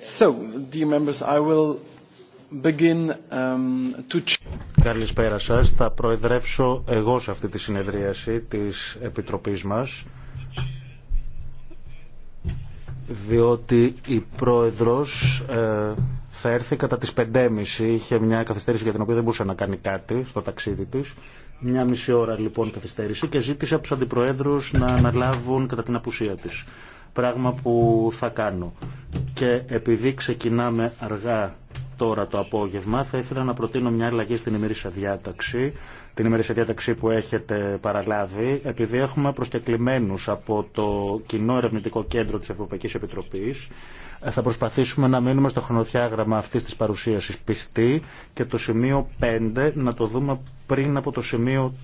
So, um, Καλησπέρα σας. Θα προεδρεύσω εγώ σε αυτή τη συνεδρίαση της Επιτροπής μας διότι η πρόεδρος ε, θα έρθει κατά τις 5.30 είχε μια καθυστέρηση για την οποία δεν μπορούσε να κάνει κάτι στο ταξίδι της μια μισή ώρα λοιπόν καθυστέρηση και ζήτησε από του αντιπροέδρου να αναλάβουν κατά την απουσία τη. Πράγμα που θα κάνω. Και επειδή ξεκινάμε αργά τώρα το απόγευμα, θα ήθελα να προτείνω μια αλλαγή στην ημερήσια διάταξη, την ημερήσια διάταξη που έχετε παραλάβει, επειδή έχουμε προσκεκλημένου από το Κοινό Ερευνητικό Κέντρο τη Ευρωπαϊκή Επιτροπή. Θα προσπαθήσουμε να μείνουμε στο χρονοδιάγραμμα αυτή τη παρουσίαση πιστή και το σημείο 5 να το δούμε πριν από το σημείο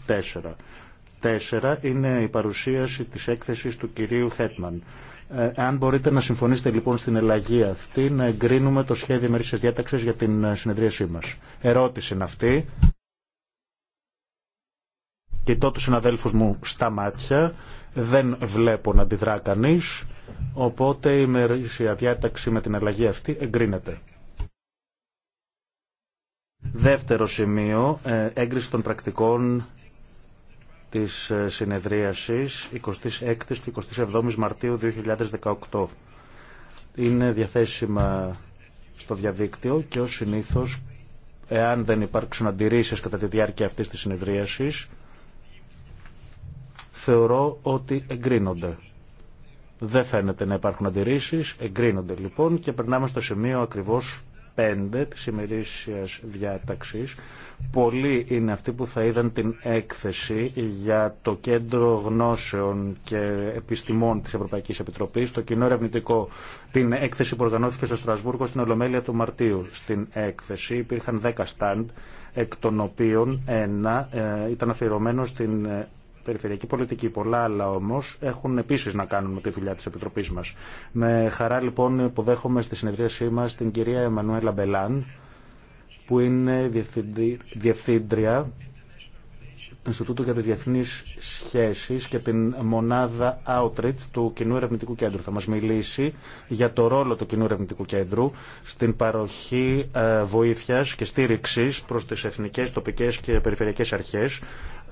4. 4 είναι η παρουσίαση της έκθεσης του κυρίου Χέτμαν. αν ε, μπορείτε να συμφωνήσετε λοιπόν στην ελλαγή αυτή, να εγκρίνουμε το σχέδιο μερίσης διάταξης για την ε, συνεδρίασή μας. Ερώτηση είναι αυτή. Κοιτώ τους συναδέλφους μου στα μάτια, δεν βλέπω να αντιδρά κανείς. Οπότε η μερίσια διάταξη με την αλλαγή αυτή εγκρίνεται. Δεύτερο σημείο, ε, έγκριση των πρακτικών της ε, συνεδρίασης 26 και 27 Μαρτίου 2018. Είναι διαθέσιμα στο διαδίκτυο και ως συνήθως, εάν δεν υπάρξουν αντιρρήσεις κατά τη διάρκεια αυτής της συνεδρίασης, θεωρώ ότι εγκρίνονται. Δεν φαίνεται να υπάρχουν αντιρρήσει. Εγκρίνονται λοιπόν και περνάμε στο σημείο ακριβώ 5 τη ημερήσια διάταξη. Πολλοί είναι αυτοί που θα είδαν την έκθεση για το Κέντρο Γνώσεων και Επιστημών της Ευρωπαϊκής Επιτροπής, το κοινό ερευνητικό, την έκθεση που οργανώθηκε στο Στρασβούργο στην Ολομέλεια του Μαρτίου. Στην έκθεση υπήρχαν 10 στάντ, εκ των οποίων ένα ε, ήταν αφιερωμένο στην ε, περιφερειακή πολιτική. Πολλά άλλα όμω έχουν επίση να κάνουν με τη δουλειά τη Επιτροπή μα. Με χαρά λοιπόν υποδέχομαι στη συνεδρίασή μα την κυρία Εμμανουέλα Μπελάν, που είναι διευθύντρια Ινστιτούτο για τι Διεθνεί σχέσει και την μονάδα Outreach του Κοινού Ερευνητικού Κέντρου. Θα μα μιλήσει για το ρόλο του Κοινού Ερευνητικού Κέντρου στην παροχή ε, βοήθεια και στήριξη προ τι εθνικέ, τοπικέ και περιφερειακές αρχές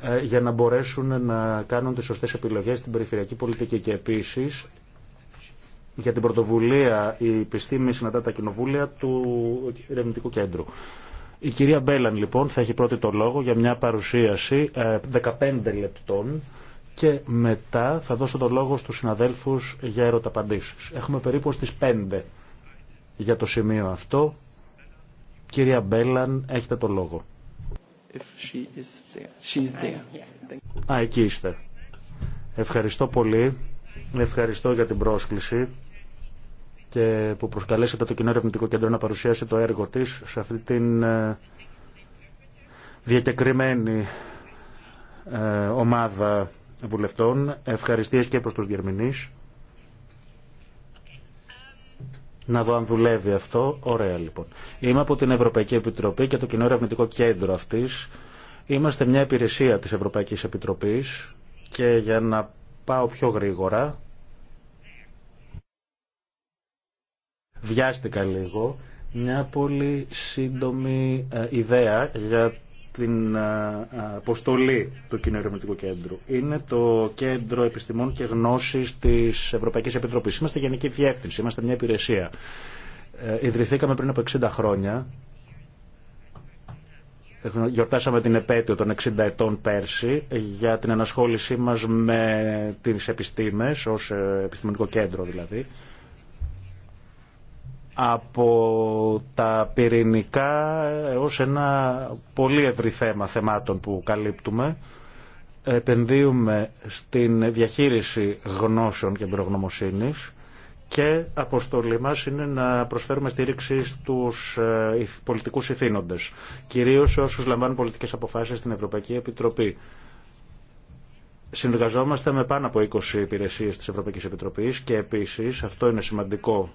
ε, για να μπορέσουν να κάνουν τι σωστέ επιλογέ στην περιφερειακή πολιτική και επίση για την πρωτοβουλία η επιστήμη συναντά τα κοινοβούλια του Ερευνητικού Κέντρου. Η κυρία Μπέλαν λοιπόν θα έχει πρώτη το λόγο για μια παρουσίαση 15 ε, λεπτών και μετά θα δώσω το λόγο στους συναδέλφους για ερωταπαντήσεις. Έχουμε περίπου στις 5 για το σημείο αυτό. Κυρία Μπέλαν, έχετε το λόγο. Α, εκεί είστε. Ευχαριστώ πολύ. Ευχαριστώ για την πρόσκληση και που προσκαλέσατε το Κοινό Ερευνητικό Κέντρο να παρουσιάσει το έργο της σε αυτή την ε, διακεκριμένη ε, ομάδα βουλευτών. Ευχαριστίες και προς τους διερμηνείς Να δω αν δουλεύει αυτό. Ωραία λοιπόν. Είμαι από την Ευρωπαϊκή Επιτροπή και το Κοινό Ερευνητικό Κέντρο αυτής. Είμαστε μια υπηρεσία της Ευρωπαϊκής Επιτροπής και για να πάω πιο γρήγορα Βιάστηκα λίγο. Μια πολύ σύντομη ε, ιδέα για την ε, αποστολή του κοινωνικού Κέντρου. Είναι το κέντρο επιστημών και γνώσης της Ευρωπαϊκής Επιτροπής. Είμαστε γενική διεύθυνση, είμαστε μια υπηρεσία. Ε, ιδρυθήκαμε πριν από 60 χρόνια. Γιορτάσαμε την επέτειο των 60 ετών πέρσι για την ενασχόλησή μας με τις επιστήμες, ως επιστημονικό κέντρο δηλαδή από τα πυρηνικά ως ένα πολύ ευρύ θέμα θεμάτων που καλύπτουμε. Επενδύουμε στην διαχείριση γνώσεων και προγνωμοσύνης και αποστολή μας είναι να προσφέρουμε στήριξη στους ε, πολιτικούς ηθήνοντες, κυρίως όσους λαμβάνουν πολιτικές αποφάσεις στην Ευρωπαϊκή Επιτροπή. Συνεργαζόμαστε με πάνω από 20 υπηρεσίες της Ευρωπαϊκής Επιτροπής και επίσης, αυτό είναι σημαντικό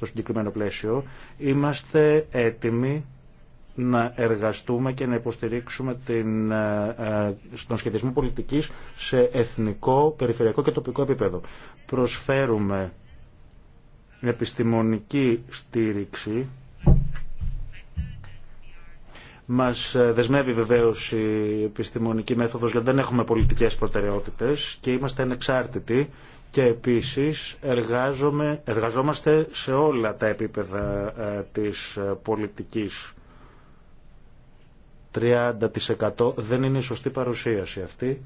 στο συγκεκριμένο πλαίσιο, είμαστε έτοιμοι να εργαστούμε και να υποστηρίξουμε την, ε, ε, τον σχεδιασμό πολιτικής σε εθνικό, περιφερειακό και τοπικό επίπεδο. Προσφέρουμε επιστημονική στήριξη. Μας ε, δεσμεύει βεβαίως η επιστημονική μέθοδος, γιατί δεν έχουμε πολιτικές προτεραιότητες και είμαστε ανεξάρτητοι και επίσης εργάζομαι, εργαζόμαστε σε όλα τα επίπεδα ε, της ε, πολιτικής. 30% δεν είναι η σωστή παρουσίαση αυτή.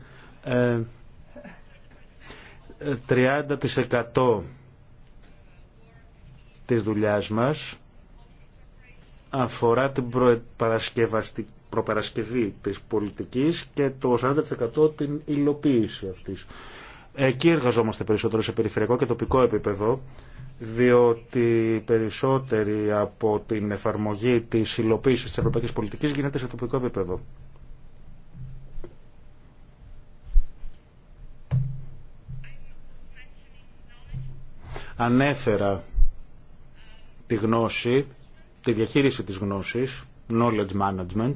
30% ε, της δουλειάς μας αφορά την προπαρασκευή της πολιτικής και το 40% την υλοποίηση αυτής. Εκεί εργαζόμαστε περισσότερο σε περιφερειακό και τοπικό επίπεδο, διότι περισσότερη από την εφαρμογή της υλοποίησης της ευρωπαϊκής πολιτικής γίνεται σε τοπικό επίπεδο. Ανέφερα τη γνώση, τη διαχείριση της γνώσης, knowledge management,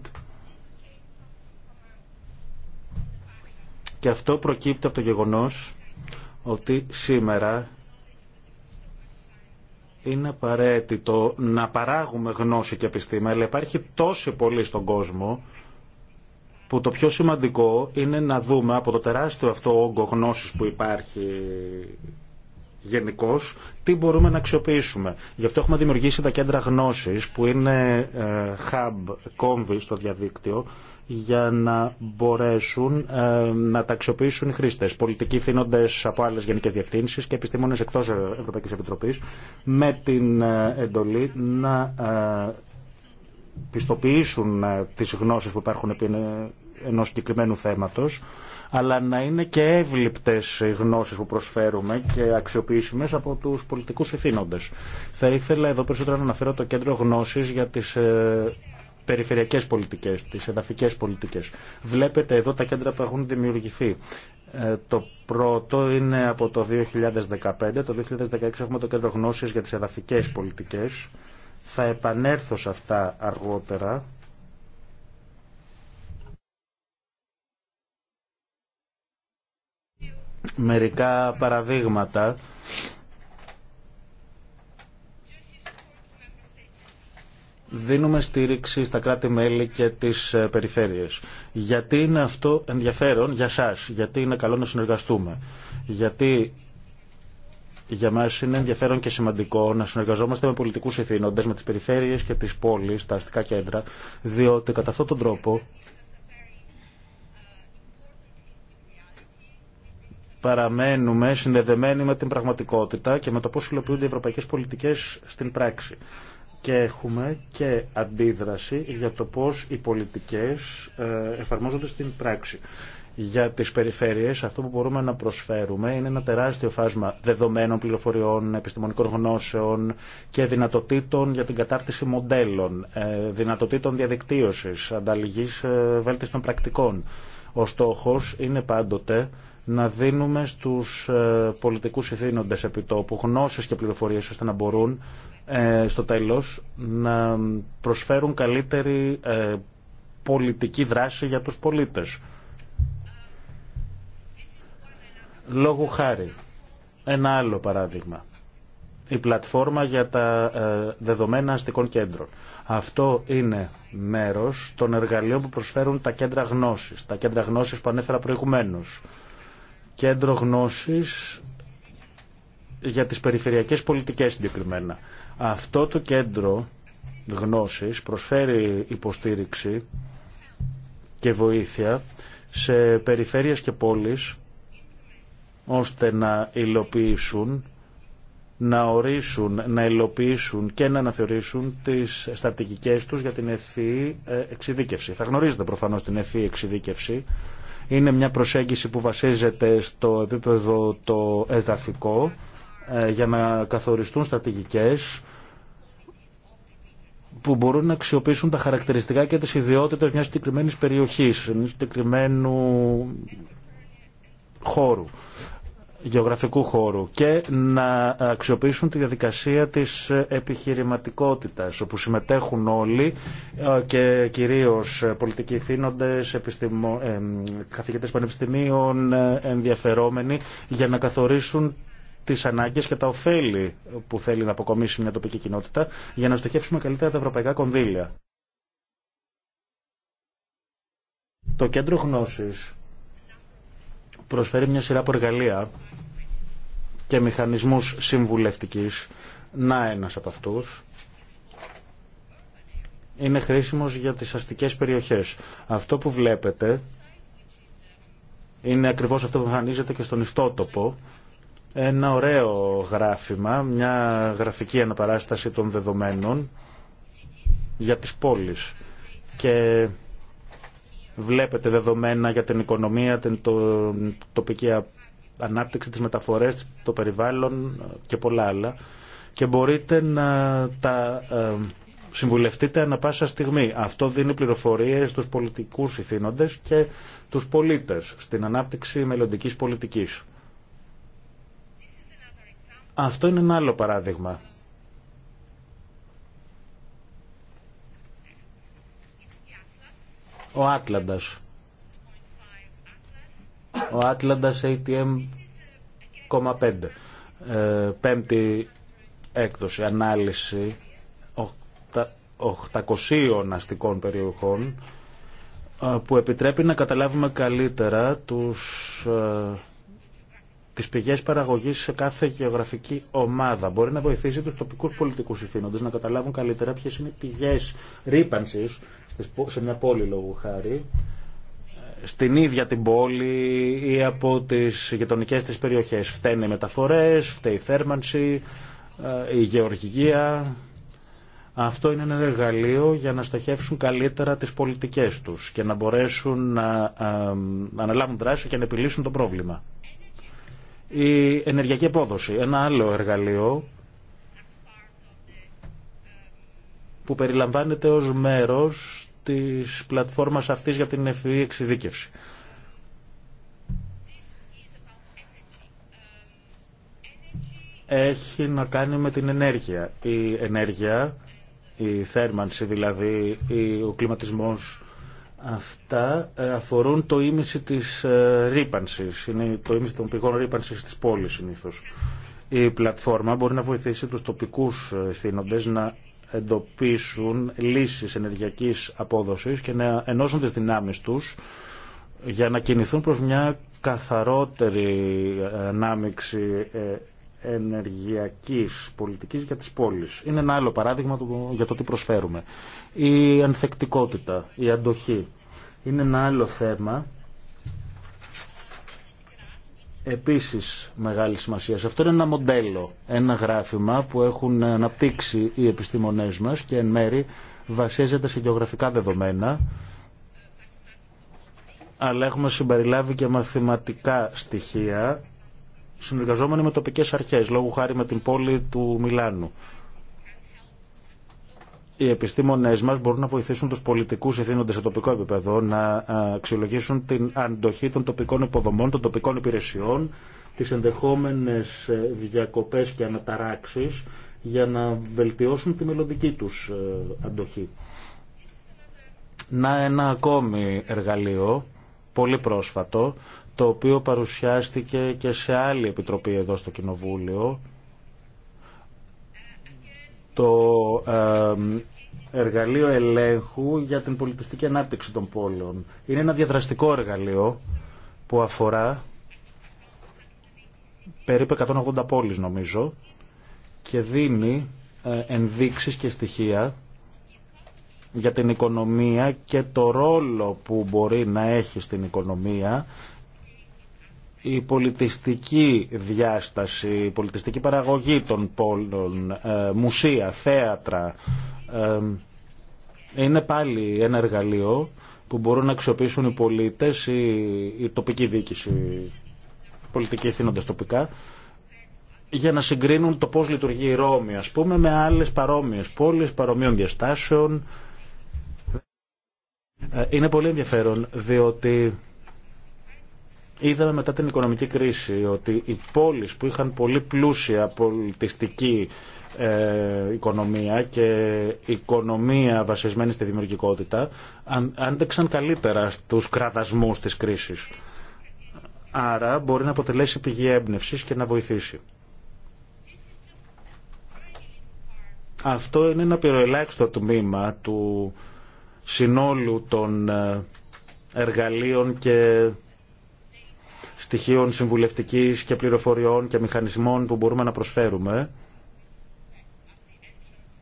Και αυτό προκύπτει από το γεγονός ότι σήμερα είναι απαραίτητο να παράγουμε γνώση και επιστήμη, αλλά υπάρχει τόσο πολύ στον κόσμο που το πιο σημαντικό είναι να δούμε από το τεράστιο αυτό όγκο γνώσης που υπάρχει γενικώ τι μπορούμε να αξιοποιήσουμε. Γι' αυτό έχουμε δημιουργήσει τα κέντρα γνώσης που είναι ε, hub, κόμβι στο διαδίκτυο για να μπορέσουν ε, να τα αξιοποιήσουν οι χρήστε. Πολιτικοί θύνοντε από άλλε γενικέ διευθύνσει και επιστήμονε εκτό Ευρωπαϊκή Επιτροπή με την ε, εντολή να ε, πιστοποιήσουν τι γνώσει που υπάρχουν επί ενό συγκεκριμένου θέματο αλλά να είναι και εύληπτες οι γνώσεις που προσφέρουμε και αξιοποιήσιμες από τους πολιτικούς ευθύνοντες. Θα ήθελα εδώ περισσότερο να αναφέρω το κέντρο γνώσης για τις περιφερειακές πολιτικές, τις εδαφικές πολιτικές. Βλέπετε εδώ τα κέντρα που έχουν δημιουργηθεί. Ε, το πρώτο είναι από το 2015. Το 2016 έχουμε το κέντρο γνώσης για τις εδαφικές πολιτικές. Θα επανέλθω σε αυτά αργότερα. Μερικά παραδείγματα δίνουμε στήριξη στα κράτη-μέλη και τις ε, περιφέρειες. Γιατί είναι αυτό ενδιαφέρον για σας, γιατί είναι καλό να συνεργαστούμε. Γιατί για μας είναι ενδιαφέρον και σημαντικό να συνεργαζόμαστε με πολιτικούς ευθύνοντες, με τις περιφέρειες και τις πόλεις, τα αστικά κέντρα, διότι κατά αυτόν τον τρόπο παραμένουμε συνδεδεμένοι με την πραγματικότητα και με το πώς υλοποιούνται οι ευρωπαϊκές πολιτικές στην πράξη και έχουμε και αντίδραση για το πώς οι πολιτικές ε, εφαρμόζονται στην πράξη. Για τις περιφέρειες αυτό που μπορούμε να προσφέρουμε είναι ένα τεράστιο φάσμα δεδομένων, πληροφοριών, επιστημονικών γνώσεων και δυνατοτήτων για την κατάρτιση μοντέλων, ε, δυνατοτήτων διαδικτύωσης, ανταλλαγής ε, βέλτιστων πρακτικών. Ο στόχος είναι πάντοτε να δίνουμε στους πολιτικούς ηθήνοντες επιτόπου γνώσεις και πληροφορίες ώστε να μπορούν ε, στο τέλος να προσφέρουν καλύτερη ε, πολιτική δράση για τους πολίτες. Λόγου χάρη. Ένα άλλο παράδειγμα. Η πλατφόρμα για τα ε, δεδομένα αστικών κέντρων. Αυτό είναι μέρος των εργαλείων που προσφέρουν τα κέντρα γνώσης. Τα κέντρα γνώσης που ανέφερα προηγουμένως. Κέντρο γνώσης για τις περιφερειακές πολιτικές συγκεκριμένα. Αυτό το κέντρο γνώσης προσφέρει υποστήριξη και βοήθεια σε περιφέρειες και πόλεις ώστε να υλοποιήσουν να ορίσουν, να υλοποιήσουν και να αναθεωρήσουν τις στρατηγικές τους για την ευθύ ε, εξειδίκευση. Θα γνωρίζετε προφανώς την ευθύ εξειδίκευση. Είναι μια προσέγγιση που βασίζεται στο επίπεδο το εδαφικό ε, για να καθοριστούν στρατηγικές που μπορούν να αξιοποιήσουν τα χαρακτηριστικά και τις ιδιότητες μιας συγκεκριμένη περιοχής, ενός συγκεκριμένου χώρου, γεωγραφικού χώρου και να αξιοποιήσουν τη διαδικασία της επιχειρηματικότητας όπου συμμετέχουν όλοι ε, και κυρίως πολιτικοί θύνοντες, επιστημο... Ε, καθηγητές πανεπιστημίων, ενδιαφερόμενοι για να καθορίσουν τι ανάγκε και τα ωφέλη που θέλει να αποκομίσει μια τοπική κοινότητα για να στοχεύσουμε καλύτερα τα ευρωπαϊκά κονδύλια. Το κέντρο γνώση προσφέρει μια σειρά από εργαλεία και μηχανισμού συμβουλευτικής. Να ένα από αυτούς είναι χρήσιμος για τις αστικές περιοχές. Αυτό που βλέπετε είναι ακριβώς αυτό που εμφανίζεται και στον ιστότοπο ένα ωραίο γράφημα, μια γραφική αναπαράσταση των δεδομένων για τις πόλεις. Και βλέπετε δεδομένα για την οικονομία, την τοπική ανάπτυξη, τις μεταφορές, το περιβάλλον και πολλά άλλα. Και μπορείτε να τα ε, συμβουλευτείτε ανα πάσα στιγμή. Αυτό δίνει πληροφορίες στους πολιτικούς ηθήνοντες και τους πολίτες στην ανάπτυξη μελλοντικής πολιτικής. Αυτό είναι ένα άλλο παράδειγμα. Ο Άτλαντας. Ο Άτλαντας ATM,5. Ε, πέμπτη έκδοση, ανάλυση 800 αστικών περιοχών ε, που επιτρέπει να καταλάβουμε καλύτερα τους ε, τις πηγές παραγωγής σε κάθε γεωγραφική ομάδα. Μπορεί να βοηθήσει τους τοπικούς πολιτικούς ηθήνοντε να καταλάβουν καλύτερα ποιε είναι οι πηγές ρήπανση σε μια πόλη λόγου χάρη στην ίδια την πόλη ή από τις γειτονικές της περιοχές. Φταίνε οι μεταφορές, φταίει η θέρμανση, ε, η γεωργία. Αυτό είναι ένα εργαλείο για να στοχεύσουν καλύτερα τις πολιτικές τους και να μπορέσουν να ε, ε, αναλάβουν δράση και να επιλύσουν το πρόβλημα. Η ενεργειακή απόδοση, ένα άλλο εργαλείο που περιλαμβάνεται ως μέρος της πλατφόρμας αυτής για την ευφυή εξειδίκευση. Έχει να κάνει με την ενέργεια. Η ενέργεια, η θέρμανση δηλαδή, ο κλιματισμός, Αυτά ε, αφορούν το ίμιση της ε, ρήπανσης, είναι το ίμιση των πηγών ρήπανσης της πόλης συνήθως. Η πλατφόρμα μπορεί να βοηθήσει τους τοπικούς ε, ευθύνοντες να εντοπίσουν λύσεις ενεργειακής απόδοσης και να ενώσουν τις δυνάμεις τους για να κινηθούν προς μια καθαρότερη ανάμειξη ενεργειακής πολιτικής για τις πόλεις. Είναι ένα άλλο παράδειγμα για το τι προσφέρουμε. Η ανθεκτικότητα, η αντοχή είναι ένα άλλο θέμα επίσης μεγάλη σημασία. Αυτό είναι ένα μοντέλο, ένα γράφημα που έχουν αναπτύξει οι επιστήμονές μας και εν μέρη βασίζεται σε γεωγραφικά δεδομένα αλλά έχουμε συμπεριλάβει και μαθηματικά στοιχεία συνεργαζόμενοι με τοπικές αρχές, λόγω χάρη με την πόλη του Μιλάνου. Οι επιστήμονε μας μπορούν να βοηθήσουν τους πολιτικούς ευθύνοντε σε τοπικό επίπεδο να ε, αξιολογήσουν την αντοχή των τοπικών υποδομών, των τοπικών υπηρεσιών, τι ενδεχόμενε ε, διακοπέ και αναταράξει για να βελτιώσουν τη μελλοντική του ε, αντοχή. Να ένα ακόμη εργαλείο, πολύ πρόσφατο, το οποίο παρουσιάστηκε και σε άλλη επιτροπή εδώ στο Κοινοβούλιο, το εργαλείο ελέγχου για την πολιτιστική ανάπτυξη των πόλεων. Είναι ένα διαδραστικό εργαλείο που αφορά περίπου 180 πόλεις νομίζω και δίνει ε, ενδείξεις και στοιχεία για την οικονομία και το ρόλο που μπορεί να έχει στην οικονομία η πολιτιστική διάσταση, η πολιτιστική παραγωγή των πόλων, ε, μουσεία, θέατρα, ε, είναι πάλι ένα εργαλείο που μπορούν να αξιοποιήσουν οι πολίτες, η, τοπική διοίκηση, οι πολιτικοί ευθύνοντες τοπικά, για να συγκρίνουν το πώς λειτουργεί η Ρώμη, ας πούμε, με άλλες παρόμοιες πόλεις, παρομοίων διαστάσεων. Ε, είναι πολύ ενδιαφέρον, διότι Είδαμε μετά την οικονομική κρίση ότι οι πόλεις που είχαν πολύ πλούσια πολιτιστική ε, οικονομία και οικονομία βασισμένη στη δημιουργικότητα άντεξαν καλύτερα στους κραδασμούς της κρίσης. Άρα μπορεί να αποτελέσει πηγή έμπνευση και να βοηθήσει. Αυτό είναι ένα πυροελάχιστο τμήμα του συνόλου των ε, εργαλείων και στοιχείων συμβουλευτικής και πληροφοριών και μηχανισμών που μπορούμε να προσφέρουμε.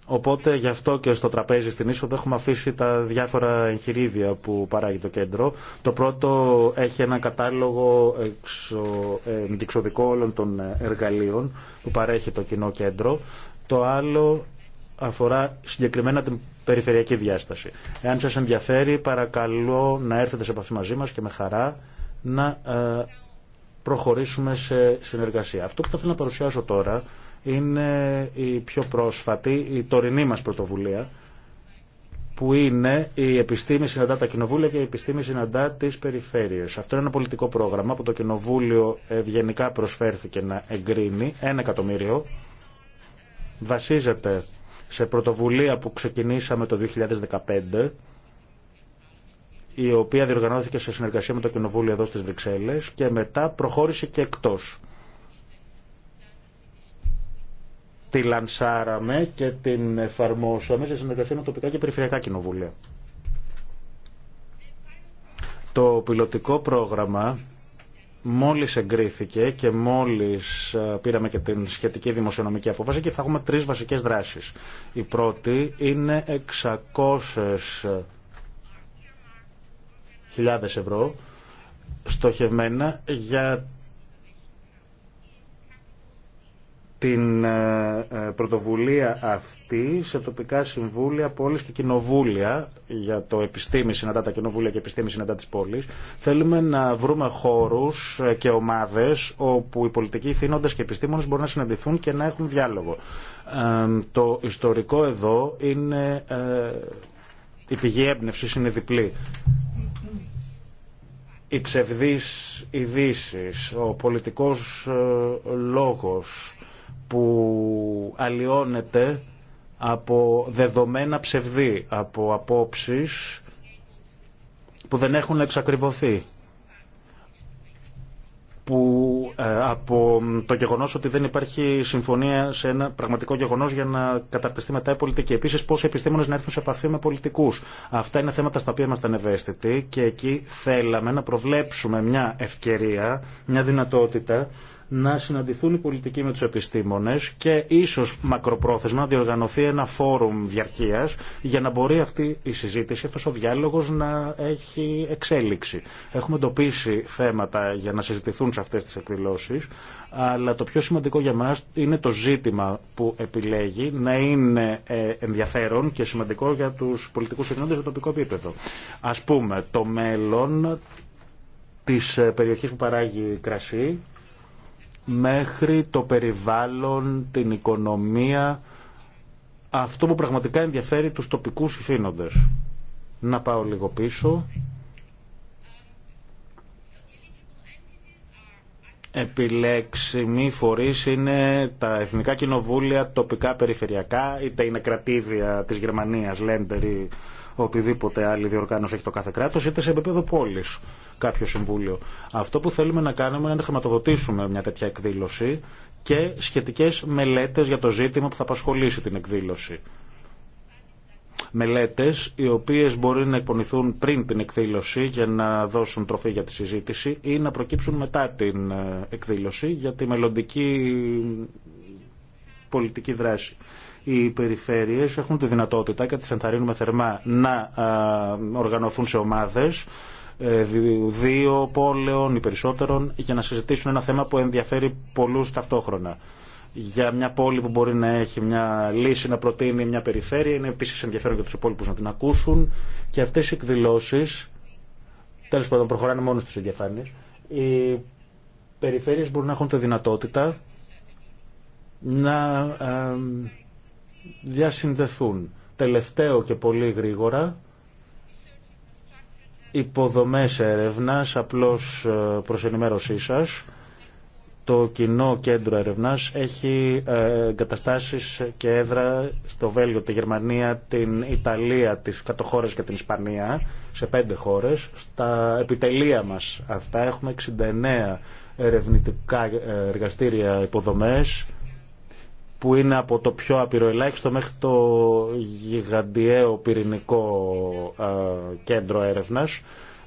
Οπότε γι' αυτό και στο τραπέζι στην είσοδο έχουμε αφήσει τα διάφορα εγχειρίδια που παράγει το κέντρο. Το πρώτο έχει ένα κατάλογο ε, διεξοδικό όλων των εργαλείων που παρέχει το κοινό κέντρο. Το άλλο αφορά συγκεκριμένα την περιφερειακή διάσταση. Εάν σας ενδιαφέρει παρακαλώ να έρθετε σε επαφή μαζί μας και με χαρά να ε, προχωρήσουμε σε συνεργασία. Αυτό που θα θέλω να παρουσιάσω τώρα είναι η πιο πρόσφατη, η τωρινή μας πρωτοβουλία, που είναι η επιστήμη συναντά τα κοινοβούλια και η επιστήμη συναντά τι Περιφέρειες. Αυτό είναι ένα πολιτικό πρόγραμμα που το κοινοβούλιο ε, ευγενικά προσφέρθηκε να εγκρίνει. Ένα εκατομμύριο. Βασίζεται σε πρωτοβουλία που ξεκινήσαμε το 2015 η οποία διοργανώθηκε σε συνεργασία με το Κοινοβούλιο εδώ στις Βρυξέλλες και μετά προχώρησε και εκτός. Τη λανσάραμε και την εφαρμόσαμε σε συνεργασία με τοπικά και περιφερειακά κοινοβούλια. Το πιλωτικό πρόγραμμα μόλις εγκρίθηκε και μόλις πήραμε και την σχετική δημοσιονομική απόφαση και θα έχουμε τρεις βασικές δράσεις. Η πρώτη είναι 600 χιλιάδες ευρώ στοχευμένα για την ε, ε, πρωτοβουλία αυτή σε τοπικά συμβούλια, πόλεις και κοινοβούλια για το επιστήμη συναντά τα κοινοβούλια και επιστήμη συναντά της πόλης θέλουμε να βρούμε χώρους ε, και ομάδες όπου οι πολιτικοί θύνοντες και επιστήμονες μπορούν να συναντηθούν και να έχουν διάλογο το ιστορικό εδώ είναι η πηγή έμπνευση είναι διπλή οι ψευδείς ειδήσει, ο πολιτικός ε, λόγος που αλλοιώνεται από δεδομένα ψευδή, από απόψεις που δεν έχουν εξακριβωθεί, που ε, από το γεγονός ότι δεν υπάρχει συμφωνία σε ένα πραγματικό γεγονός για να καταρτιστεί μετά η πολιτική. Επίσης πώς οι επιστήμονες να έρθουν σε επαφή με πολιτικούς. Αυτά είναι θέματα στα οποία είμαστε ευαίσθητοι και εκεί θέλαμε να προβλέψουμε μια ευκαιρία, μια δυνατότητα να συναντηθούν οι πολιτικοί με τους επιστήμονες και ίσως μακροπρόθεσμα να διοργανωθεί ένα φόρουμ διαρκείας για να μπορεί αυτή η συζήτηση, αυτός ο διάλογος να έχει εξέλιξη. Έχουμε εντοπίσει θέματα για να συζητηθούν σε αυτές τις εκδηλώσεις, αλλά το πιο σημαντικό για μας είναι το ζήτημα που επιλέγει να είναι ε, ενδιαφέρον και σημαντικό για τους πολιτικούς συνόντε σε τοπικό επίπεδο. Ας πούμε, το μέλλον της ε, περιοχής που παράγει κρασί μέχρι το περιβάλλον, την οικονομία, αυτό που πραγματικά ενδιαφέρει τους τοπικούς ηθήνοντες. Να πάω λίγο πίσω. επιλέξιμοι φορείς είναι τα εθνικά κοινοβούλια, τοπικά, περιφερειακά, είτε είναι κρατήδια της Γερμανίας, Λέντερ ή οτιδήποτε άλλη διοργάνωση έχει το κάθε κράτο, είτε σε επίπεδο πόλη κάποιο συμβούλιο. Αυτό που θέλουμε να κάνουμε είναι να χρηματοδοτήσουμε μια τέτοια εκδήλωση και σχετικές μελέτες για το ζήτημα που θα απασχολήσει την εκδήλωση. Μελέτες οι οποίες μπορεί να εκπονηθούν πριν την εκδήλωση για να δώσουν τροφή για τη συζήτηση ή να προκύψουν μετά την ε, εκδήλωση για τη μελλοντική πολιτική δράση. Οι περιφέρειες έχουν τη δυνατότητα και τις ενθαρρύνουμε θερμά να ε, οργανωθούν σε ομάδες ε, δύο πόλεων ή περισσότερων για να συζητήσουν ένα θέμα που ενδιαφέρει πολλούς ταυτόχρονα. Για μια πόλη που μπορεί να έχει μια λύση να προτείνει μια περιφέρεια, είναι επίσης ενδιαφέρον για τους υπόλοιπους να την ακούσουν και αυτές οι εκδηλώσεις, τέλος πάντων προχωράνε μόνο στους εγκεφάνειες, οι περιφέρειες μπορούν να έχουν τη δυνατότητα να ε, διασυνδεθούν. Τελευταίο και πολύ γρήγορα, υποδομές έρευνας, απλώς ε, προς ενημέρωσή σας. Το κοινό κέντρο ερευνάς έχει ε, καταστάσεις και έδρα στο Βέλγιο, τη Γερμανία, την Ιταλία, τις κατοχώρες και την Ισπανία, σε πέντε χώρες. Στα επιτελεία μας αυτά έχουμε 69 ερευνητικά ε, εργαστήρια υποδομές, που είναι από το πιο απειροελάχιστο μέχρι το γιγαντιαίο πυρηνικό κέντρο έρευνας.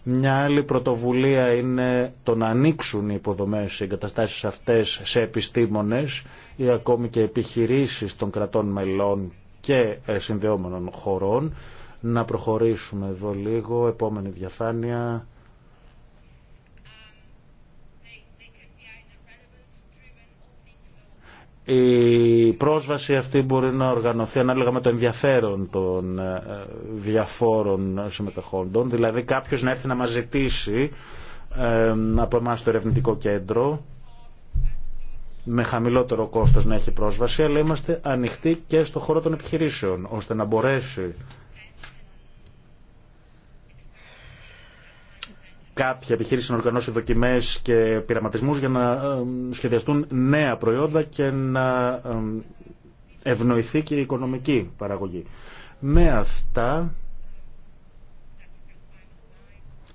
Μια άλλη πρωτοβουλία είναι το να ανοίξουν οι υποδομές, οι εγκαταστάσεις αυτές σε επιστήμονες ή ακόμη και επιχειρήσεις των κρατών μελών και ε, συνδεόμενων χωρών. Να προχωρήσουμε εδώ λίγο, επόμενη διαφάνεια. η πρόσβαση αυτή μπορεί να οργανωθεί ανάλογα με το ενδιαφέρον των ε, διαφόρων συμμετεχόντων. Δηλαδή κάποιος να έρθει να μας ζητήσει ε, από εμά το ερευνητικό κέντρο με χαμηλότερο κόστος να έχει πρόσβαση, αλλά είμαστε ανοιχτοί και στο χώρο των επιχειρήσεων, ώστε να μπορέσει κάποια επιχείρηση να οργανώσει δοκιμέ και πειραματισμού για να ε, σχεδιαστούν νέα προϊόντα και να ε, ευνοηθεί και η οικονομική παραγωγή. Με αυτά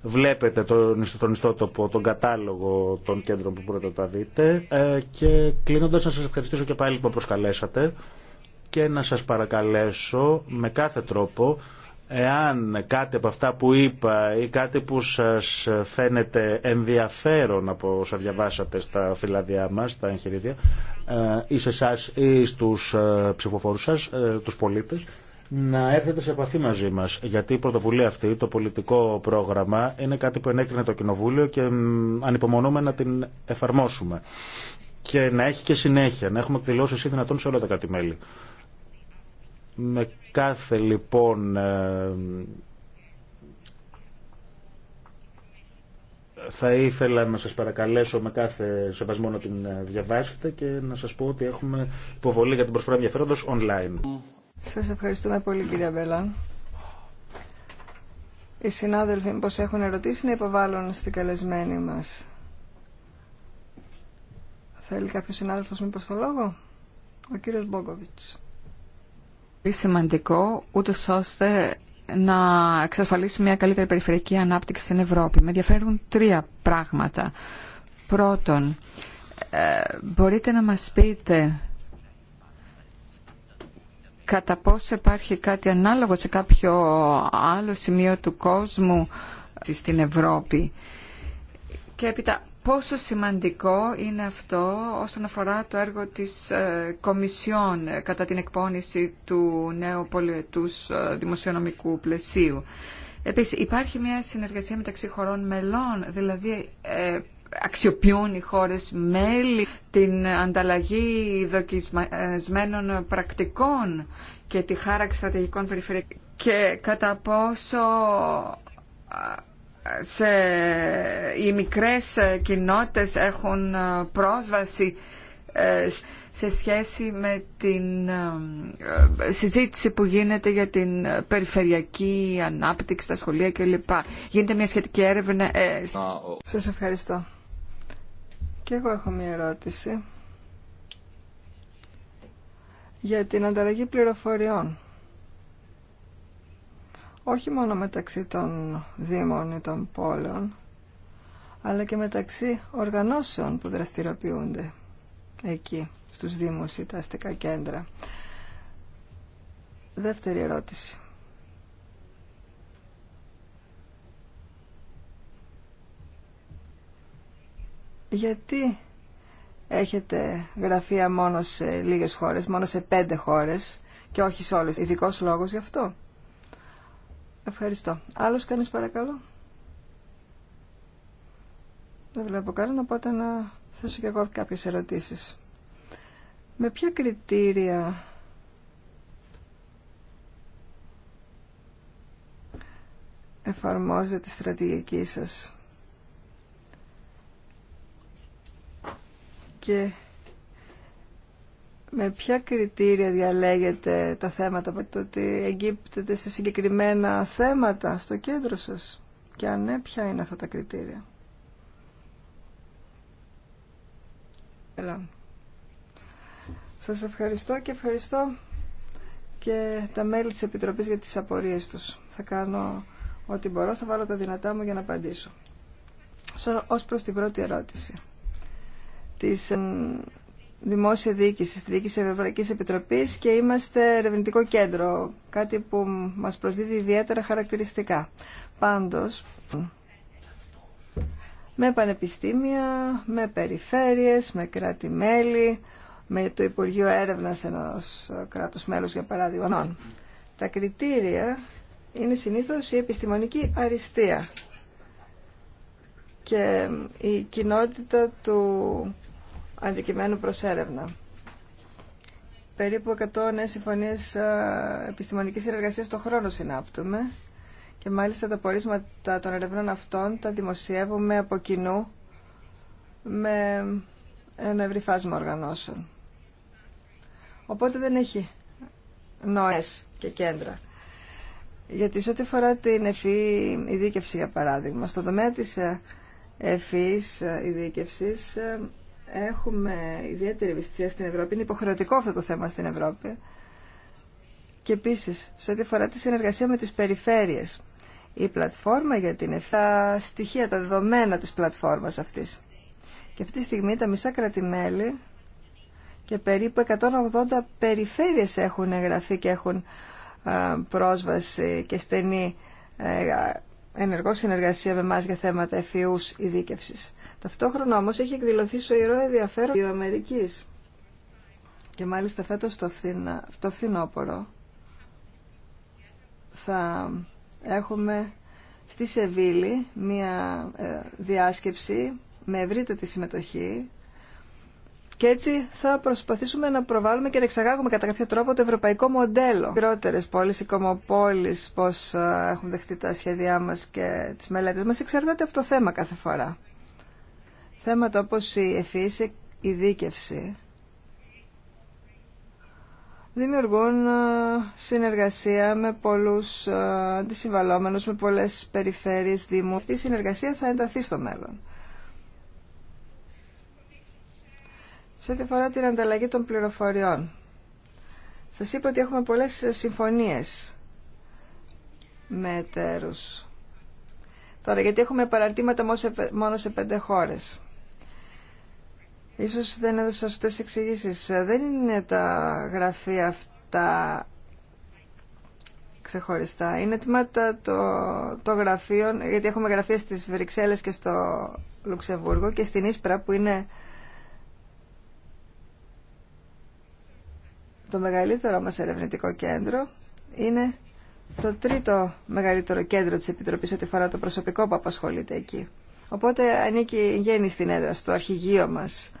βλέπετε τον, ιστότοπο, τον κατάλογο των κέντρων που μπορείτε να τα δείτε ε, και κλείνοντας να σας ευχαριστήσω και πάλι που με προσκαλέσατε και να σας παρακαλέσω με κάθε τρόπο Εάν κάτι από αυτά που είπα ή κάτι που σας φαίνεται ενδιαφέρον από όσα διαβάσατε στα φυλάδια μας, στα εγχειρίδια, ε, ή σε εσά ή στους ε, ψηφοφόρους σας, ε, τους πολίτες, να έρθετε σε επαφή μαζί μας. Γιατί η πρωτοβουλία αυτή, το πολιτικό πρόγραμμα, είναι κάτι που ενέκρινε το Κοινοβούλιο και ανυπομονούμε να την εφαρμόσουμε. Και να έχει και συνέχεια, να έχουμε εκδηλώσει ή δυνατόν σε όλα τα κράτη-μέλη. Με κάθε λοιπόν ε, θα ήθελα να σας παρακαλέσω με κάθε σεβασμό να την ε, διαβάσετε και να σας πω ότι έχουμε υποβολή για την προσφορά ενδιαφέροντος online. Σας ευχαριστούμε πολύ κύριε Μπέλα. Οι συνάδελφοι μήπως έχουν ερωτήσει να υποβάλλουν στην καλεσμένη μας. Θέλει κάποιος συνάδελφος μήπως το λόγο. Ο κύριος Μπόγκοβιτς πολύ σημαντικό, ούτω ώστε να εξασφαλίσουμε μια καλύτερη περιφερειακή ανάπτυξη στην Ευρώπη. Με ενδιαφέρουν τρία πράγματα. Πρώτον, ε, μπορείτε να μας πείτε κατά πόσο υπάρχει κάτι ανάλογο σε κάποιο άλλο σημείο του κόσμου στην Ευρώπη. Και έπειτα πόσο σημαντικό είναι αυτό όσον αφορά το έργο της ε, Κομισιόν ε, κατά την εκπόνηση του νέου πολιετούς ε, δημοσιονομικού πλαισίου. Επίσης, υπάρχει μια συνεργασία μεταξύ χωρών μελών, δηλαδή αξιοποιούν οι χώρες μέλη την ανταλλαγή δοκισμένων πρακτικών και τη χάραξη στρατηγικών περιφερειακών και κατά πόσο σε, οι μικρές κοινότητες έχουν ε, πρόσβαση ε, σε σχέση με την ε, συζήτηση που γίνεται για την περιφερειακή ανάπτυξη στα σχολεία κλπ. Γίνεται μια σχετική έρευνα. Σας ευχαριστώ. Και εγώ έχω μια ερώτηση για την ανταλλαγή πληροφοριών όχι μόνο μεταξύ των δήμων ή των πόλεων, αλλά και μεταξύ οργανώσεων που δραστηριοποιούνται εκεί, στους δήμους ή τα αστικά κέντρα. Δεύτερη ερώτηση. Γιατί έχετε γραφεία μόνο σε λίγες χώρες, μόνο σε πέντε χώρες και όχι σε όλες. Ειδικός λόγος γι' αυτό. Ευχαριστώ. Άλλος κανείς παρακαλώ. Δεν βλέπω κανένα, οπότε να θέσω και εγώ κάποιες ερωτήσεις. Με ποια κριτήρια εφαρμόζετε τη στρατηγική σας και με ποια κριτήρια διαλέγετε τα θέματα, το ότι εγκύπτετε σε συγκεκριμένα θέματα στο κέντρο σας και αν ναι, ποια είναι αυτά τα κριτήρια. Ελά. Σας ευχαριστώ και ευχαριστώ και τα μέλη της Επιτροπής για τις απορίες τους. Θα κάνω ό,τι μπορώ, θα βάλω τα δυνατά μου για να απαντήσω. Ως προς την πρώτη ερώτηση της δημόσια διοίκηση, στη διοίκηση Ευρωπαϊκή Επιτροπής και είμαστε ερευνητικό κέντρο, κάτι που μας προσδίδει ιδιαίτερα χαρακτηριστικά. Πάντως, με πανεπιστήμια, με περιφέρειες, με κράτη-μέλη, με το Υπουργείο Έρευνας ενός κράτους μέλους για παράδειγμα. Τα κριτήρια είναι συνήθως η επιστημονική αριστεία και η κοινότητα του αντικειμένου προς έρευνα. Περίπου 100 νέες συμφωνίες ε, επιστημονικής συνεργασίας το χρόνο συνάπτουμε και μάλιστα τα πορίσματα των ερευνών αυτών τα δημοσιεύουμε από κοινού με ένα ευρύ οργανώσεων. Οπότε δεν έχει νόες και κέντρα. Γιατί σε ό,τι αφορά την ευφύ e, ειδίκευση, για παράδειγμα, στο τομέα της ευφύης e, ε, ειδίκευσης ε, έχουμε ιδιαίτερη ευαισθησία στην Ευρώπη. Είναι υποχρεωτικό αυτό το θέμα στην Ευρώπη. Και επίση σε ό,τι αφορά τη συνεργασία με τις περιφέρειες, η πλατφόρμα για την ΕΦΑ, στοιχεία, τα δεδομένα τη πλατφόρμας αυτή. Και αυτή τη στιγμή τα μισά κράτη-μέλη και περίπου 180 περιφέρειες έχουν εγγραφεί και έχουν πρόσβαση και στενή ε, ενεργό συνεργασία με εμά για θέματα ευφυού ειδίκευση. Ταυτόχρονα όμω έχει εκδηλωθεί σοηρό ενδιαφέρον η Αμερική. Και μάλιστα φέτο το, φθινόπωρο θα έχουμε στη Σεβίλη μία ε, διάσκεψη με ευρύτερη συμμετοχή και έτσι θα προσπαθήσουμε να προβάλλουμε και να εξαγάγουμε κατά κάποιο τρόπο το ευρωπαϊκό μοντέλο. Μικρότερε πόλει, οι κομοπόλει, πώ ε, έχουν δεχτεί τα σχέδιά μα και τι μελέτε μα, εξαρτάται από το θέμα κάθε φορά. Θέματα όπω η εφήση, η δίκευση δημιουργούν ε, συνεργασία με πολλούς ε, αντισυμβαλόμενους, με πολλές περιφέρειες, δήμου. Αυτή η συνεργασία θα ενταθεί στο μέλλον. Σε ό,τι αφορά την ανταλλαγή των πληροφοριών. Σας είπα ότι έχουμε πολλές συμφωνίες με εταίρους. Τώρα, γιατί έχουμε παραρτήματα μόνο σε πέντε χώρες. Ίσως δεν έδωσα σωστές εξηγήσεις. Δεν είναι τα γραφεία αυτά ξεχωριστά. Είναι τμήματα των το, το γραφείων, γιατί έχουμε γραφεία στις Βρυξέλλες και στο Λουξεμβούργο και στην Ίσπρα που είναι Το μεγαλύτερο μας ερευνητικό κέντρο είναι το τρίτο μεγαλύτερο κέντρο της Επιτροπής ό,τι φορά το προσωπικό που απασχολείται εκεί. Οπότε ανήκει γέννη στην έδρα, στο αρχηγείο μας.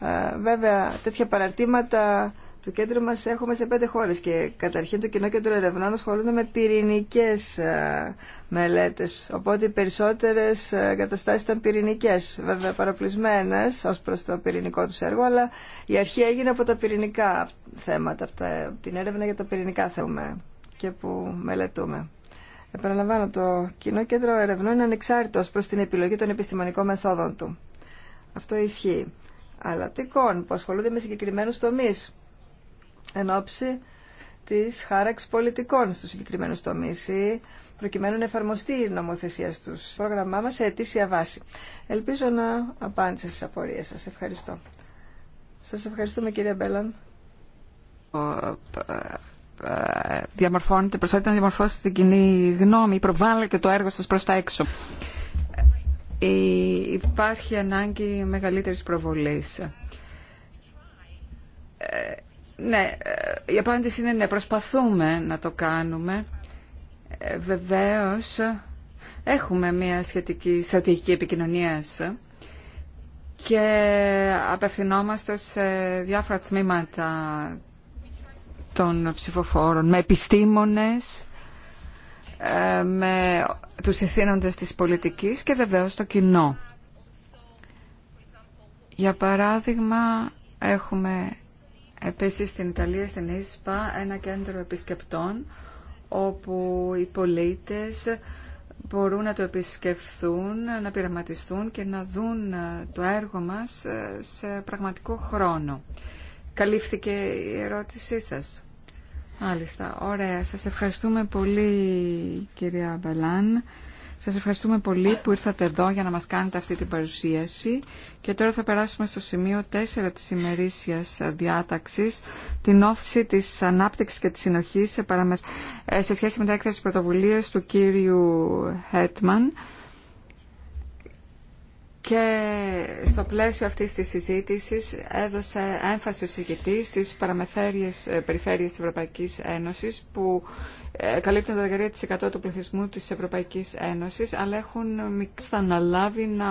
Ε, βέβαια, τέτοια παραρτήματα το κέντρο μας έχουμε σε πέντε χώρες και καταρχήν το Κοινό Κέντρο Ερευνών ασχολούνται με πυρηνικές ε, μελέτες. Οπότε οι περισσότερες ε, καταστάσεις ήταν πυρηνικές, βέβαια παραπλησμένες ως προς το πυρηνικό του έργο, αλλά η αρχή έγινε από τα πυρηνικά θέματα, από, την έρευνα για τα πυρηνικά θέματα και που μελετούμε. Επαναλαμβάνω, το Κοινό Κέντρο Ερευνών είναι ανεξάρτητο ως προς την επιλογή των επιστημονικών μεθόδων του. Αυτό ισχύει αλλά τικών που ασχολούνται με συγκεκριμένου τομεί εν ώψη της χάραξη πολιτικών στους συγκεκριμένους τομείς ή προκειμένου να εφαρμοστεί η νομοθεσία στους πρόγραμμά μας σε αιτήσια βάση. Ελπίζω να απάντησα στις απορίες σας. Ευχαριστώ. Σας ευχαριστούμε κύριε Μπέλαν. Ε, ε, διαμορφώνεται, προσπαθείτε να διαμορφώσετε την κοινή γνώμη, προβάλλετε το έργο σας προς τα έξω. Ε, υπάρχει ανάγκη μεγαλύτερης προβολής ναι, ε, η απάντηση είναι ναι, προσπαθούμε να το κάνουμε. Ε, βεβαίως, έχουμε μια σχετική στρατηγική επικοινωνίας και απευθυνόμαστε σε διάφορα τμήματα των ψηφοφόρων, με επιστήμονες, ε, με τους ευθύνοντες της πολιτικής και βεβαίως το κοινό. Για παράδειγμα, έχουμε Επίσης στην Ιταλία, στην Ίσπα, ένα κέντρο επισκεπτών όπου οι πολίτες μπορούν να το επισκεφθούν, να πειραματιστούν και να δουν ε, το έργο μας ε, σε πραγματικό χρόνο. Καλύφθηκε η ερώτησή σας. Μάλιστα. Ωραία. Σας ευχαριστούμε πολύ κυρία Μπελάν. Σας ευχαριστούμε πολύ που ήρθατε εδώ για να μας κάνετε αυτή την παρουσίαση και τώρα θα περάσουμε στο σημείο 4 της ημερήσιας διάταξης, την όθηση της ανάπτυξης και της συνοχής σε, ε, σε σχέση με τα έκθεση πρωτοβουλίες του κύριου Χέτμαν. Και στο πλαίσιο αυτής της συζήτησης έδωσε έμφαση ο συγκητής στις παραμεθέριες ε, περιφέρειες της Ευρωπαϊκής Ένωσης που ε, καλύπτουν το 13% του πληθυσμού της Ευρωπαϊκής Ένωσης αλλά έχουν μικρούς να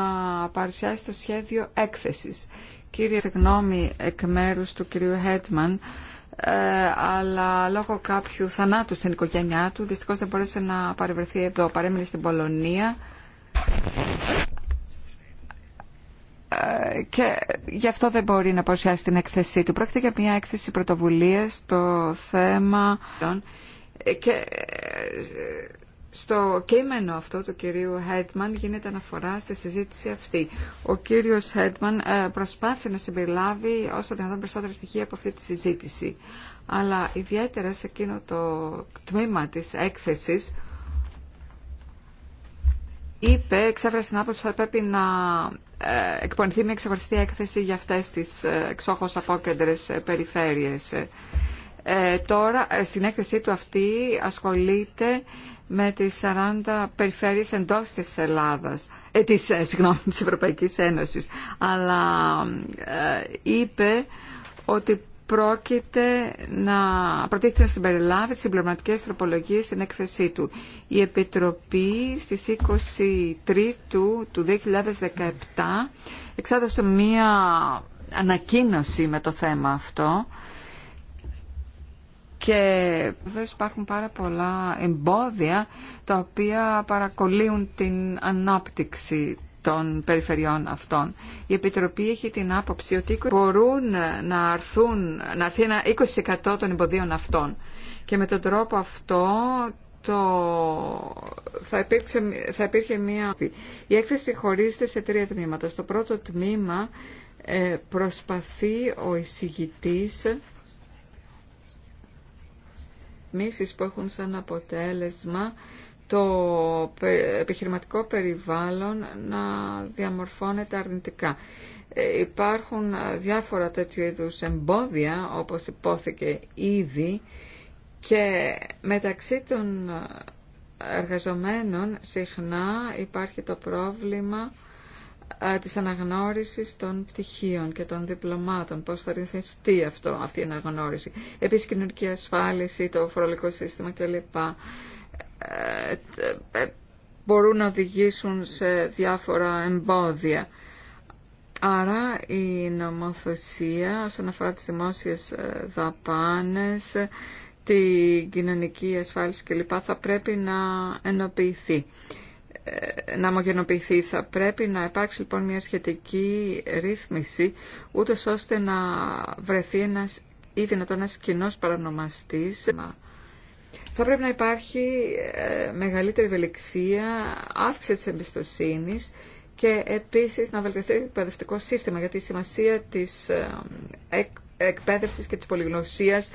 παρουσιάσει το σχέδιο έκθεσης. Κύριε, συγγνώμη εκ μέρους του κυρίου Χέτμαν, ε, αλλά λόγω κάποιου θανάτου στην οικογένειά του δυστυχώς δεν μπορέσε να παρευρεθεί εδώ. Παρέμεινε στην Πολωνία και γι' αυτό δεν μπορεί να παρουσιάσει την έκθεσή του. Πρόκειται για μια έκθεση πρωτοβουλία στο θέμα και στο κείμενο αυτό του κυρίου Χέτμαν γίνεται αναφορά στη συζήτηση αυτή. Ο κύριος Χέτμαν ε, προσπάθησε να συμπεριλάβει όσο δυνατόν περισσότερα στοιχεία από αυτή τη συζήτηση. Αλλά ιδιαίτερα σε εκείνο το τμήμα της έκθεσης είπε, εξέφρασε την άποψη ότι θα πρέπει να ε, εκπονηθεί μια ξεχωριστή έκθεση για αυτές τις ε, εξόχως απόκεντρες ε, περιφέρειες. Ε, τώρα, στην έκθεσή του αυτή ασχολείται με τις 40 περιφέρειες εντό της Ελλάδας, ε, της, συγγνώμη, της Ευρωπαϊκής Ένωσης. Αλλά είπε ότι πρόκειται να προτίθεται να συμπεριλάβει τις συμπληρωματικές τροπολογίες στην έκθεσή του. Η Επιτροπή στις 23 του 2017 εξάδωσε μία ανακοίνωση με το θέμα αυτό και βέβαια υπάρχουν πάρα πολλά εμπόδια τα οποία παρακολύουν την ανάπτυξη των περιφερειών αυτών. Η Επιτροπή έχει την άποψη ότι μπορούν να, αρθούν, να αρθεί ένα 20% των εμποδίων αυτών. Και με τον τρόπο αυτό το... θα, θα υπήρχε μία... Η έκθεση χωρίζεται σε τρία τμήματα. Στο πρώτο τμήμα ε, προσπαθεί ο εισηγητής μίσεις που έχουν σαν αποτέλεσμα το επιχειρηματικό περιβάλλον να διαμορφώνεται αρνητικά. Ε, υπάρχουν διάφορα τέτοιου είδους εμπόδια, όπως υπόθηκε ήδη, και μεταξύ των εργαζομένων συχνά υπάρχει το πρόβλημα ε, της αναγνώρισης των πτυχίων και των διπλωμάτων, πώς θα ρυθμιστεί αυτή η αναγνώριση. Επίσης, κοινωνική ασφάλιση, το φορολογικό σύστημα κλπ. Ε, ε, μπορούν να οδηγήσουν σε διάφορα εμπόδια. Άρα η νομοθεσία όσον αφορά τις δημόσιες ε, δαπάνες, την κοινωνική ασφάλιση κλπ. θα πρέπει να ενοποιηθεί, να ομογενοποιηθεί. Θα πρέπει να υπάρξει λοιπόν μια σχετική ρύθμιση, ούτως ώστε να βρεθεί ένας ή δυνατόν ένας κοινός παρανομαστής θα πρέπει να υπάρχει ε, μεγαλύτερη ευελιξία, αύξηση της εμπιστοσύνης και επίσης να βελτιωθεί το εκπαιδευτικό σύστημα γιατί η σημασία της ε, εκπαίδευσης και της πολυγνωσίας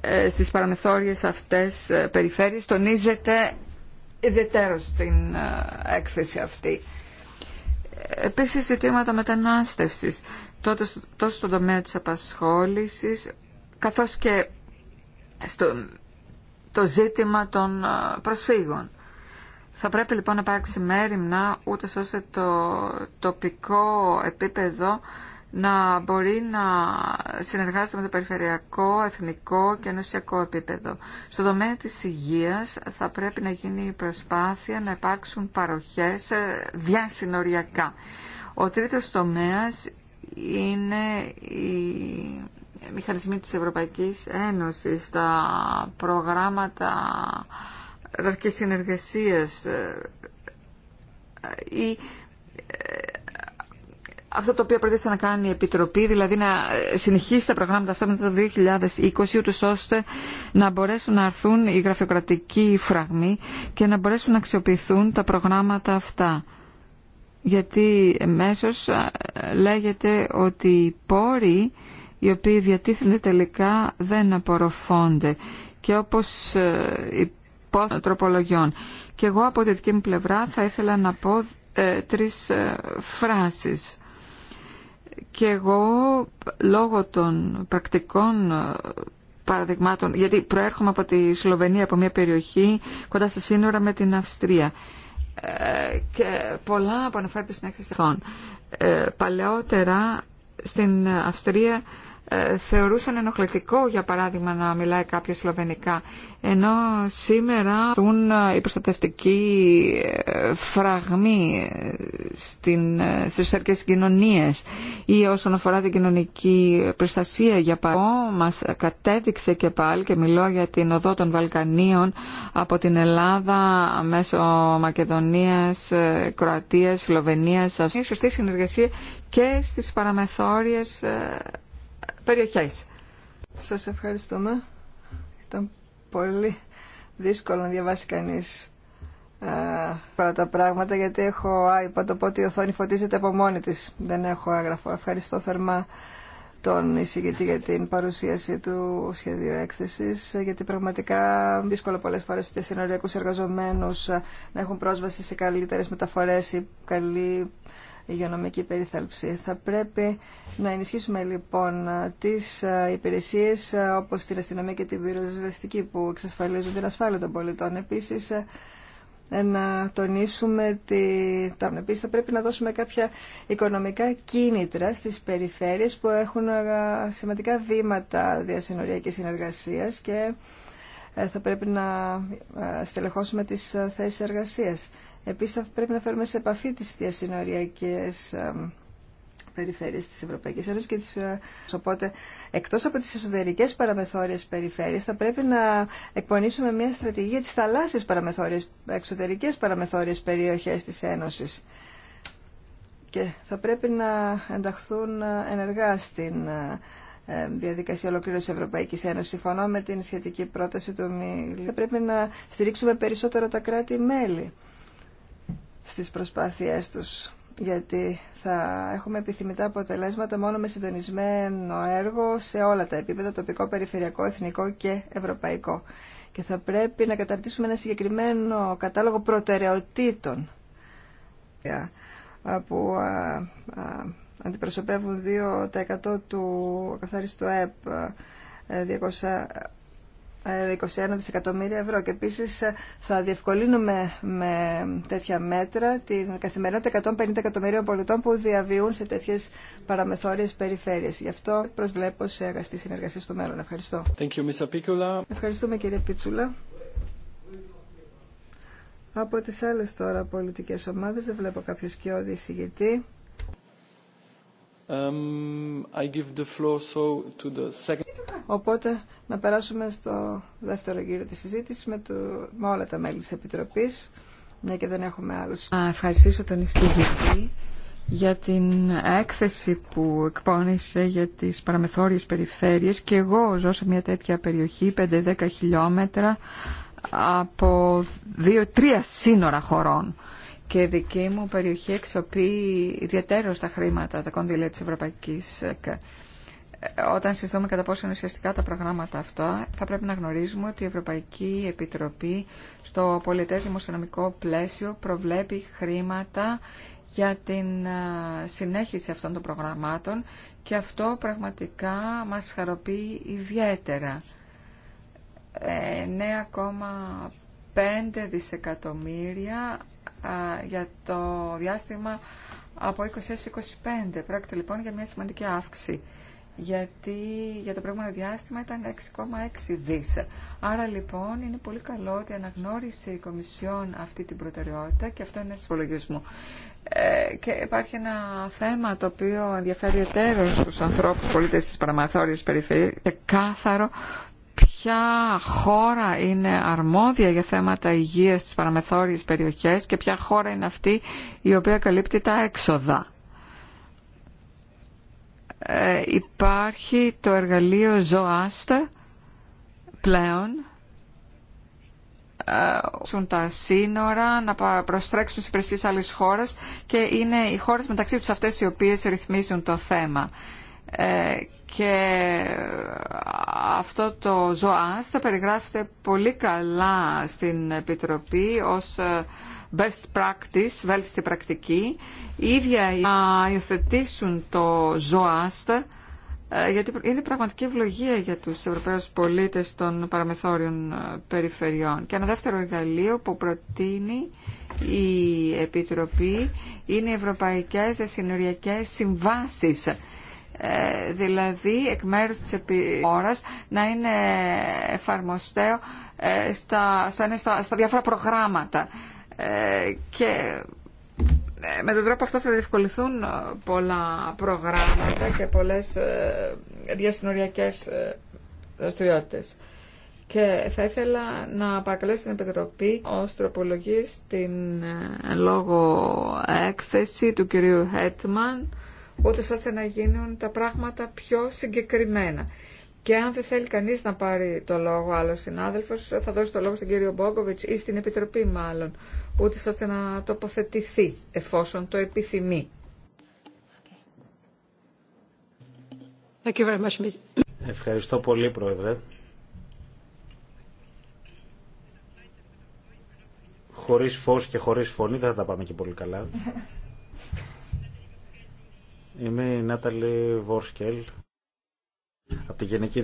ε, στις παραμεθόριες αυτές περιφέρειες τονίζεται ιδιαίτερο στην έκθεση αυτή. Επίσης ζητήματα μετανάστευσης, τόσο στον τομέα της απασχόλησης, καθώς και στον το ζήτημα των ε, προσφύγων. Θα πρέπει λοιπόν να υπάρξει μέρημνα ούτε ώστε το τοπικό επίπεδο να μπορεί να συνεργάζεται με το περιφερειακό, εθνικό και ενωσιακό επίπεδο. Στο τομέα της υγείας θα πρέπει να γίνει η προσπάθεια να υπάρξουν παροχές ε, διασυνοριακά. Ο τρίτος τομέας είναι η μηχανισμοί της Ευρωπαϊκής Ένωσης, τα προγράμματα ραρκής συνεργασίας ε, ή ε, αυτό το οποίο προτίθεται να κάνει η Επιτροπή, δηλαδή να ε, συνεχίσει τα προγράμματα αυτά μετά το 2020, ούτως ώστε να μπορέσουν να αρθούν οι γραφειοκρατικοί φραγμοί και να μπορέσουν να αξιοποιηθούν τα προγράμματα αυτά. Γιατί μέσως λέγεται ότι οι πόροι οι οποίοι διατίθενται τελικά δεν απορροφώνται και όπως ε, υπόθεση τροπολογιών. Και εγώ από τη δική μου πλευρά θα ήθελα να πω ε, τρεις ε, φράσεις. Και εγώ λόγω των πρακτικών παραδειγμάτων, γιατί προέρχομαι από τη Σλοβενία, από μια περιοχή κοντά στη σύνορα με την Αυστρία και πολλά που αναφέρονται στην έκθεση. Παλαιότερα στην Αυστρία ε, θεωρούσαν ενοχλητικό για παράδειγμα να μιλάει κάποια σλοβενικά ενώ σήμερα δουν ε, οι προστατευτικοί ε, φραγμοί στην, στις κοινωνίε κοινωνίες ή όσον αφορά την κοινωνική προστασία για παράδειγμα μας κατέδειξε και πάλι και μιλώ για την οδό των Βαλκανίων από την Ελλάδα μέσω Μακεδονίας, Κροατίας, Σλοβενίας, αυτή σωστή συνεργασία και στις παραμεθόριες περιοχές. Σας ευχαριστούμε. Ήταν πολύ δύσκολο να διαβάσει κανείς ε, παρά τα πράγματα γιατί έχω iPad οπότε η οθόνη φωτίζεται από μόνη της. Δεν έχω άγραφο. Ευχαριστώ θερμά τον εισηγητή για την παρουσίαση του σχεδίου έκθεση, γιατί πραγματικά δύσκολο πολλές φορέ οι συνοριακούς εργαζομένους να έχουν πρόσβαση σε καλύτερε μεταφορέ μεταφορές ή καλή υγειονομική περίθαλψη. Θα πρέπει να ενισχύσουμε λοιπόν τις υπηρεσίες όπως την αστυνομία και την πυροσβεστική που εξασφαλίζουν την ασφάλεια των πολιτών. Επίσης, να τονίσουμε ότι τα Επίσης θα πρέπει να δώσουμε κάποια οικονομικά κίνητρα στις περιφέρειες που έχουν ε, σημαντικά βήματα διασυνοριακής συνεργασίας και ε, θα πρέπει να ε, στελεχώσουμε τις θέσεις εργασίας. Επίσης θα πρέπει να φέρουμε σε επαφή τις διασυνοριακές περιφέρειες της Ευρωπαϊκής Ένωσης και της... Ε, οπότε, εκτός από τις εσωτερικές παραμεθόριες περιφέρειες, θα πρέπει να εκπονήσουμε μια στρατηγία της θαλάσσιας παραμεθόριες, εξωτερικές παραμεθόριες περιοχές της Ένωσης. Και θα πρέπει να ενταχθούν ε, ενεργά στην ε, διαδικασία ολοκλήρωση Ευρωπαϊκή Ένωση. Συμφωνώ με την σχετική πρόταση του Μίλη. Θα πρέπει να στηρίξουμε περισσότερο τα κράτη-μέλη στις προσπάθειές τους γιατί θα έχουμε επιθυμητά αποτελέσματα μόνο με συντονισμένο έργο σε όλα τα επίπεδα, τοπικό, περιφερειακό, εθνικό και ευρωπαϊκό. Και θα πρέπει να καταρτήσουμε ένα συγκεκριμένο κατάλογο προτεραιοτήτων που αντιπροσωπεύουν 2% του καθάριστου ΕΠ, 200 21 ε, δισεκατομμύρια ευρώ και επίσης ε, θα διευκολύνουμε με τέτοια μέτρα την καθημερινότητα 150 εκατομμυρίων πολιτών που διαβιούν σε τέτοιες παραμεθόριες περιφέρειες. Γι' αυτό προσβλέπω σε αγαστή συνεργασία στο μέλλον. Ευχαριστώ. Thank you, Ευχαριστούμε κύριε Πίτσουλα. Από τις άλλες τώρα πολιτικές ομάδες δεν βλέπω κάποιο σκιώδη εισηγητή. Um, Οπότε να περάσουμε στο δεύτερο γύρο της συζήτησης με, το, όλα τα μέλη της Επιτροπής, και δεν έχουμε άλλους. Να ευχαριστήσω τον εισηγητή για την έκθεση που εκπώνησε για τις παραμεθόριες περιφέρειες και εγώ ζω σε μια τέτοια περιοχή, 5-10 χιλιόμετρα, από δύο-τρία σύνορα χωρών και δική μου περιοχή εξοπεί ιδιαίτερως τα χρήματα, τα κονδύλια της Ευρωπαϊκής ε, όταν συζητούμε κατά πόσο είναι ουσιαστικά τα προγράμματα αυτά, θα πρέπει να γνωρίζουμε ότι η Ευρωπαϊκή Επιτροπή στο πολιτές δημοσιονομικό πλαίσιο προβλέπει χρήματα για την ε, συνέχιση αυτών των προγραμμάτων και αυτό πραγματικά μας χαροποιεί ιδιαίτερα. Ε, 9,5 δισεκατομμύρια για το διάστημα από 20 25. Πρόκειται λοιπόν για μια σημαντική αύξηση γιατί για το προηγούμενο διάστημα ήταν 6,6 δις. Άρα λοιπόν είναι πολύ καλό ότι αναγνώρισε η Κομισιόν αυτή την προτεραιότητα και αυτό είναι συμπολογισμό. Ε, και υπάρχει ένα θέμα το οποίο ενδιαφέρει εταίρως στους ανθρώπους πολίτες της παραμαθόριας περιφέρειας, και κάθαρο ποια χώρα είναι αρμόδια για θέματα υγείας στις παραμεθόριες περιοχές και ποια χώρα είναι αυτή η οποία καλύπτει τα έξοδα. Ε, υπάρχει το εργαλείο ΖΟΑΣΤΕ πλέον σουν ε, τα σύνορα, να προστρέξουν σε υπηρεσίες άλλες χώρες και είναι οι χώρες μεταξύ τους αυτές οι οποίες ρυθμίζουν το θέμα. Ε, και αυτό το ΖΟΑΣ περιγράφεται πολύ καλά στην Επιτροπή ως ε, best practice, βέλτιστη πρακτική. Οι ίδια να υιοθετήσουν το ΖΟΑΣ ε, γιατί είναι πραγματική ευλογία για τους Ευρωπαίους πολίτες των παραμεθόριων ε, περιφερειών. Και ένα δεύτερο εργαλείο που προτείνει η Επιτροπή είναι οι Ευρωπαϊκές Συνοριακές Συμβάσεις ε, δηλαδή εκ μέρους της επιχώρας να είναι εφαρμοστέο ε, στα, στα, στα, διάφορα προγράμματα. Ε, και με τον τρόπο αυτό θα διευκολυθούν πολλά προγράμματα και πολλές διασυνοριακές δραστηριότητε. Και θα ήθελα να παρακαλέσω την Επιτροπή ω τροπολογή στην λόγο έκθεση του κυρίου Χέτμαν ούτως ώστε να γίνουν τα πράγματα πιο συγκεκριμένα. Και αν δεν θέλει κανείς να πάρει το λόγο άλλο συνάδελφος, θα δώσει το λόγο στον κύριο Μπόγκοβιτ ή στην Επιτροπή μάλλον, ούτε ώστε να τοποθετηθεί εφόσον το επιθυμεί. Thank you very much, Ευχαριστώ πολύ, Πρόεδρε. Χωρίς φως και χωρίς φωνή δεν θα τα πάμε και πολύ καλά. Είμαι η Νάταλη Βόρσκελ από τη Γενική